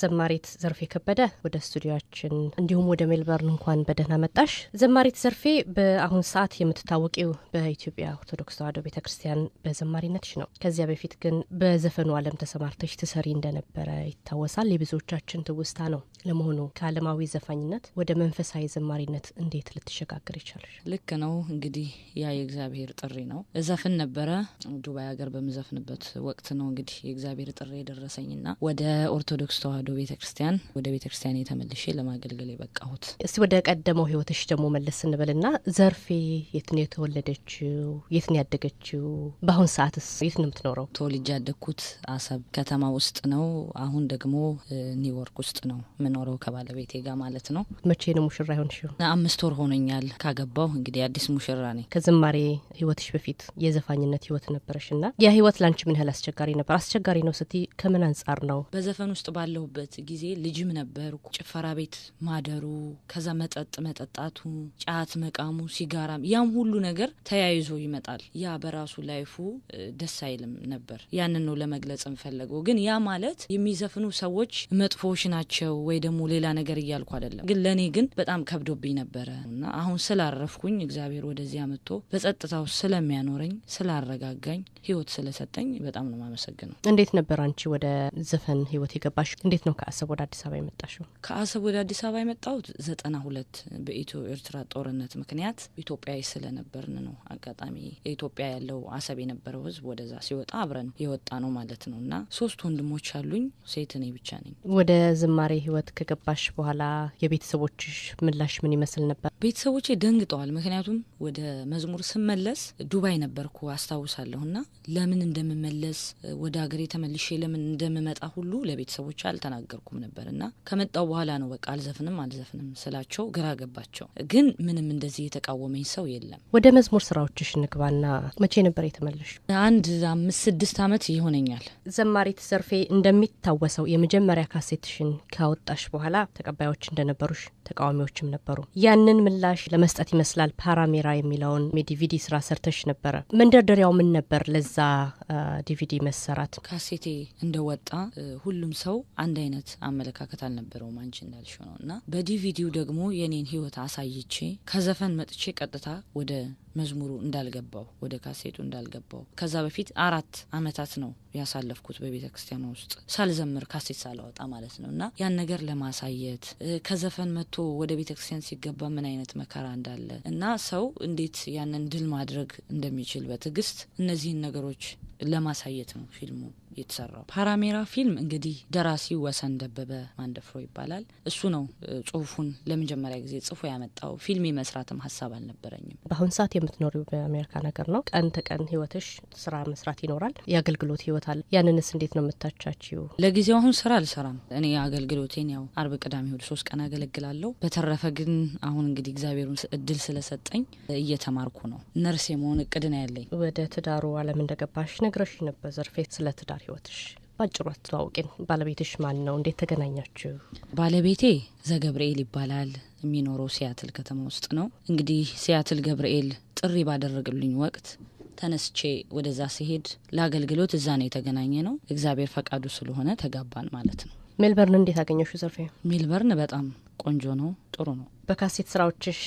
ዘማሪት ዘርፌ ከበደ ወደ ስቱዲዮችን እንዲሁም ወደ ሜልበርን እንኳን በደህና መጣሽ። ዘማሪት ዘርፌ በአሁን ሰዓት የምትታወቂው በኢትዮጵያ ኦርቶዶክስ ተዋሕዶ ቤተ ክርስቲያን በዘማሪነትሽ ነው። ከዚያ በፊት ግን በዘፈኑ ዓለም ተሰማርተሽ ትሰሪ እንደነበረ ይታወሳል፣ የብዙዎቻችን ትውስታ ነው። ለመሆኑ ከዓለማዊ ዘፋኝነት ወደ መንፈሳዊ ዘማሪነት እንዴት ልትሸጋገር ይቻለሽ? ልክ ነው እንግዲህ ያ የእግዚአብሔር ጥሪ ነው። እዘፍን ነበረ ዱባይ ሀገር በምዘፍንበት ወቅት ነው እንግዲህ የእግዚአብሔር ጥሪ የደረሰኝና ወደ ኦርቶዶክስ ተዋሕዶ ተዋሕዶ ቤተ ክርስቲያን ወደ ቤተ ክርስቲያን የተመልሼ ለማገልገል የበቃሁት። እስቲ ወደ ቀደመው ህይወትሽ ደግሞ መለስ ና ዘርፌ የት ነው የተወለደችው? የት ነው ያደገችው? በአሁን ሰዓትስ የት ነው የምትኖረው? ተወልጄ ያደግኩት አሰብ ከተማ ውስጥ ነው። አሁን ደግሞ ኒውዮርክ ውስጥ ነው የምኖረው ከባለቤቴ ጋር ማለት ነው። መቼ ነው ሙሽራ ይሆንሽው? አምስት ወር ሆኖኛል ካገባው እንግዲህ አዲስ ሙሽራ ነኝ። ከዝማሬ ህይወትሽ በፊት የዘፋኝነት ህይወት ነበረሽ ና ያ ህይወት ላንቺ ምን ያህል አስቸጋሪ ነበር? አስቸጋሪ ነው ስቲ ከምን አንጻር ነው? በዘፈን ውስጥ ባለው በነበርኩበት ጊዜ ልጅም ነበርኩ። ጭፈራ ቤት ማደሩ፣ ከዛ መጠጥ መጠጣቱ፣ ጫት መቃሙ፣ ሲጋራም ያም ሁሉ ነገር ተያይዞ ይመጣል። ያ በራሱ ላይፉ ደስ አይልም ነበር። ያንን ነው ለመግለጽ እንፈለገው። ግን ያ ማለት የሚዘፍኑ ሰዎች መጥፎዎች ናቸው ወይ ደግሞ ሌላ ነገር እያልኩ አይደለም። ግን ለእኔ ግን በጣም ከብዶብኝ ነበረ እና አሁን ስላረፍኩኝ እግዚአብሔር ወደዚያ መጥቶ በጸጥታው ስለሚያኖረኝ ስላረጋጋኝ፣ ህይወት ስለሰጠኝ በጣም ነው ማመሰግነው። እንዴት ነበር አንቺ ወደ ዘፈን ህይወት የገባሽ? እንዴት ነው ከአሰብ ወደ አዲስ አበባ የመጣሽው? ከአሰብ ወደ አዲስ አበባ የመጣሁት ዘጠና ሁለት በኢትዮ ኤርትራ ጦርነት ምክንያት ኢትዮጵያዊ ስለነበርን ነው። አጋጣሚ ኢትዮጵያ ያለው አሰብ የነበረው ህዝብ ወደዛ ሲወጣ አብረን የወጣ ነው ማለት ነው እና ሶስት ወንድሞች አሉኝ፣ ሴት እኔ ብቻ ነኝ። ወደ ዝማሬ ህይወት ከገባሽ በኋላ የቤተሰቦችሽ ምላሽ ምን ይመስል ነበር? ቤተሰቦቼ ደንግጠዋል። ምክንያቱም ወደ መዝሙር ስመለስ ዱባይ ነበርኩ አስታውሳለሁ እና ለምን እንደምመለስ ወደ ሀገሬ ተመልሼ ለምን እንደምመጣ ሁሉ ለቤተሰቦች አልተናገ አልተናገርኩም ነበር እና ከመጣው በኋላ ነው በቃ አልዘፍንም አልዘፍንም ስላቸው ግራ ገባቸው። ግን ምንም እንደዚህ የተቃወመኝ ሰው የለም። ወደ መዝሙር ስራዎችሽ ንግባና መቼ ነበር የተመለሽ? አንድ አምስት ስድስት ዓመት ይሆነኛል። ዘማሪት ዘርፌ እንደሚታወሰው የመጀመሪያ ካሴትሽን ካወጣሽ በኋላ ተቀባዮች እንደነበሩሽ ተቃዋሚዎችም ነበሩ። ያንን ምላሽ ለመስጠት ይመስላል ፓራሜራ የሚለውን የዲቪዲ ስራ ሰርተሽ ነበረ። መንደርደሪያው ምን ነበር ለዛ ዲቪዲ መሰራት? ካሴቴ እንደወጣ ሁሉም ሰው አን አይነት አመለካከት አልነበረውም። አንቺ እንዳልሽው ነው እና በዲቪዲው ደግሞ የኔን ህይወት አሳይቼ ከዘፈን መጥቼ ቀጥታ ወደ መዝሙሩ እንዳልገባው ወደ ካሴቱ እንዳልገባው ከዛ በፊት አራት አመታት ነው ያሳለፍኩት በቤተ ክርስቲያኗ ውስጥ ሳልዘምር ካሴት ሳላወጣ ማለት ነው። እና ያን ነገር ለማሳየት ከዘፈን መጥቶ ወደ ቤተ ክርስቲያን ሲገባ ምን አይነት መከራ እንዳለ እና ሰው እንዴት ያንን ድል ማድረግ እንደሚችል በትዕግስት እነዚህን ነገሮች ለማሳየት ነው ፊልሙ የተሰራው። ፓራሜራ ፊልም እንግዲህ ደራሲ ወሰን ደበበ ማንደፍሮ ይባላል። እሱ ነው ጽሁፉን ለመጀመሪያ ጊዜ ጽፎ ያመጣው። ፊልም የመስራትም ሀሳብ አልነበረኝም። በአሁን ሰዓት የምትኖሪው በአሜሪካ ነገር ነው። ቀን ተቀን ህይወትሽ ስራ መስራት ይኖራል፣ የአገልግሎት ህይወት አለ። ያንንስ እንዴት ነው የምታቻችው? ለጊዜው አሁን ስራ አልሰራም። እኔ አገልግሎቴን ያው አርብ፣ ቅዳሜ፣ እሁድ ሶስት ቀን አገለግላለሁ። በተረፈ ግን አሁን እንግዲህ እግዚአብሔሩን እድል ስለሰጠኝ እየተማርኩ ነው። ነርስ የመሆን እቅድ ነው ያለኝ። ወደ ትዳሩ አለም እንደገባሽ ነግረሽ ነበር። ዘርፌ ስለ ትዳር ህይወትሽ ባጭሩ አስተዋውቂን። ባለቤትሽ ማን ነው? እንዴት ተገናኛችሁ? ባለቤቴ ዘገብርኤል ይባላል። የሚኖረው ሲያትል ከተማ ውስጥ ነው። እንግዲህ ሲያትል ገብርኤል ጥሪ ባደረግልኝ ወቅት ተነስቼ ወደዛ ሲሄድ ለአገልግሎት እዛ ነው የተገናኘ ነው። እግዚአብሔር ፈቃዱ ስለሆነ ተጋባን ማለት ነው። ሜልበርን እንዴት አገኘሹ? ዘርፌ ሜልበርን በጣም ቆንጆ ነው፣ ጥሩ ነው። በካሴት ስራዎችሽ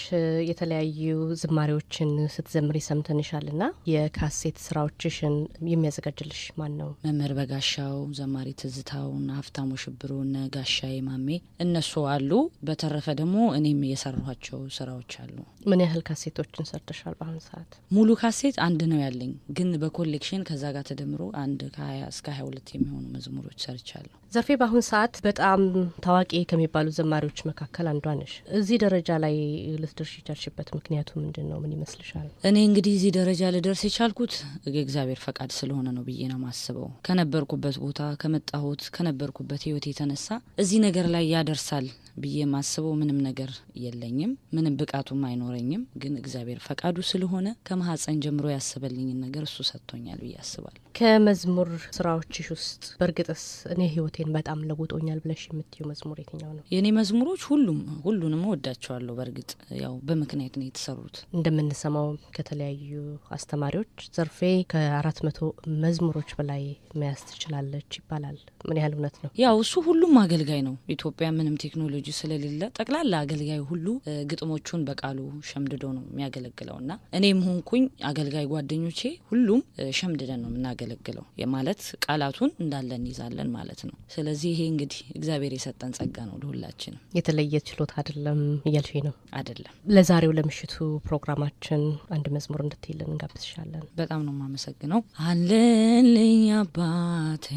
የተለያዩ ዝማሬዎችን ስትዘምሪ ይሰምተንሻል ና የካሴት ስራዎችሽን የሚያዘጋጅልሽ ማን ነው? መምህር በጋሻው፣ ዘማሪ ትዝታው እና ሀብታሙ ሽብሩ እነ ጋሻዬ ማሜ እነሱ አሉ። በተረፈ ደግሞ እኔም የሰራኋቸው ስራዎች አሉ። ምን ያህል ካሴቶችን ሰርተሻል? በአሁኑ ሰዓት ሙሉ ካሴት አንድ ነው ያለኝ፣ ግን በኮሌክሽን ከዛ ጋር ተደምሮ አንድ ከሀያ እስከ ሀያ ሁለት የሚሆኑ መዝሙሮች ሰርቻለሁ። ዘርፌ በአሁኑ ሰዓት በጣም ታዋቂ ከሚባሉ ዘማሪዎች መካከል አንዷ ነሽ። እዚህ ደረጃ ላይ ልትደርሽ የቻልሽበት ምክንያቱ ምንድን ነው? ምን ይመስልሻል? እኔ እንግዲህ እዚህ ደረጃ ልደርስ የቻልኩት የእግዚአብሔር ፈቃድ ስለሆነ ነው ብዬ ነው ማስበው። ከነበርኩበት ቦታ ከመጣሁት ከነበርኩበት ህይወት የተነሳ እዚህ ነገር ላይ ያደርሳል ብዬ ማስበው ምንም ነገር የለኝም፣ ምንም ብቃቱም አይኖረኝም። ግን እግዚአብሔር ፈቃዱ ስለሆነ ከማህፀን ጀምሮ ያስበልኝን ነገር እሱ ሰጥቶኛል ብዬ አስባል። ከመዝሙር ስራዎችሽ ውስጥ በእርግጥስ እኔ ህይወቴን በጣም ለውጦኛል ብለሽ የምትዩ መዝሙር የትኛው ነው? የእኔ መዝሙሮች ሁሉም ሁሉንም ወዳ ወዳቸዋለሁ። በእርግጥ ያው በምክንያት ነው የተሰሩት። እንደምንሰማው ከተለያዩ አስተማሪዎች ዘርፌ ከአራት መቶ መዝሙሮች በላይ መያዝ ትችላለች ይባላል። ምን ያህል እውነት ነው? ያው እሱ ሁሉም አገልጋይ ነው። ኢትዮጵያ ምንም ቴክኖሎጂ ስለሌለ ጠቅላላ አገልጋይ ሁሉ ግጥሞቹን በቃሉ ሸምድዶ ነው የሚያገለግለው እና እኔም ሆንኩኝ አገልጋይ ጓደኞቼ ሁሉም ሸምድደን ነው የምናገለግለው ማለት ቃላቱን እንዳለ እንይዛለን ማለት ነው። ስለዚህ ይሄ እንግዲህ እግዚአብሔር የሰጠን ጸጋ ነው ለሁላችንም። የተለየ ችሎታ አይደለም እያልሽ ነው አይደለም? ለዛሬው ለምሽቱ ፕሮግራማችን አንድ መዝሙር እንድትይልን እንጋብዝሻለን። በጣም ነው የማመሰግነው። አለልኝ አባቴ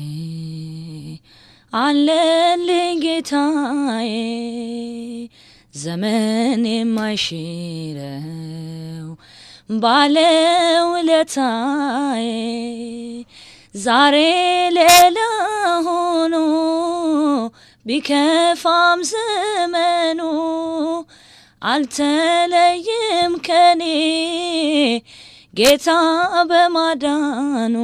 አለልኝ ጌታዬ ዘመን የማይሽረው ባለውለታዬ ዛሬ ሌላ ሆኖ ቢከፋም ዘመኑ አልተለይም ከኔ ጌታ በማዳኑ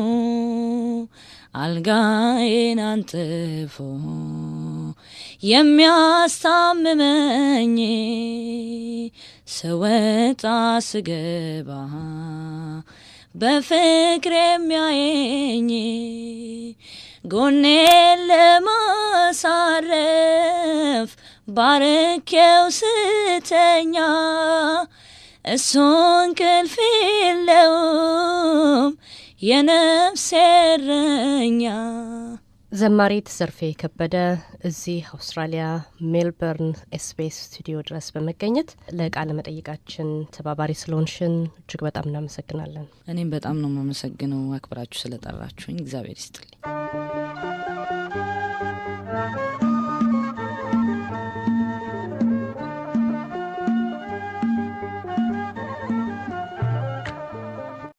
አልጋዬን አንጥፎ የሚያስታምመኝ ስወጣ ስገባ በፍቅር የሚያየኝ ጎኔን ለማሳረ ክንፍ ባርኬው ስተኛ እሱን እንቅልፍ የለውም የነፍሴ እረኛ። ዘማሪት ዘርፌ ከበደ እዚህ አውስትራሊያ ሜልበርን ኤስቢኤስ ስቱዲዮ ድረስ በመገኘት ለቃለ መጠይቃችን ተባባሪ ስለሆንሽን እጅግ በጣም እናመሰግናለን። እኔም በጣም ነው የማመሰግነው አክብራችሁ ስለጠራችሁኝ፣ እግዚአብሔር ይስጥልኝ።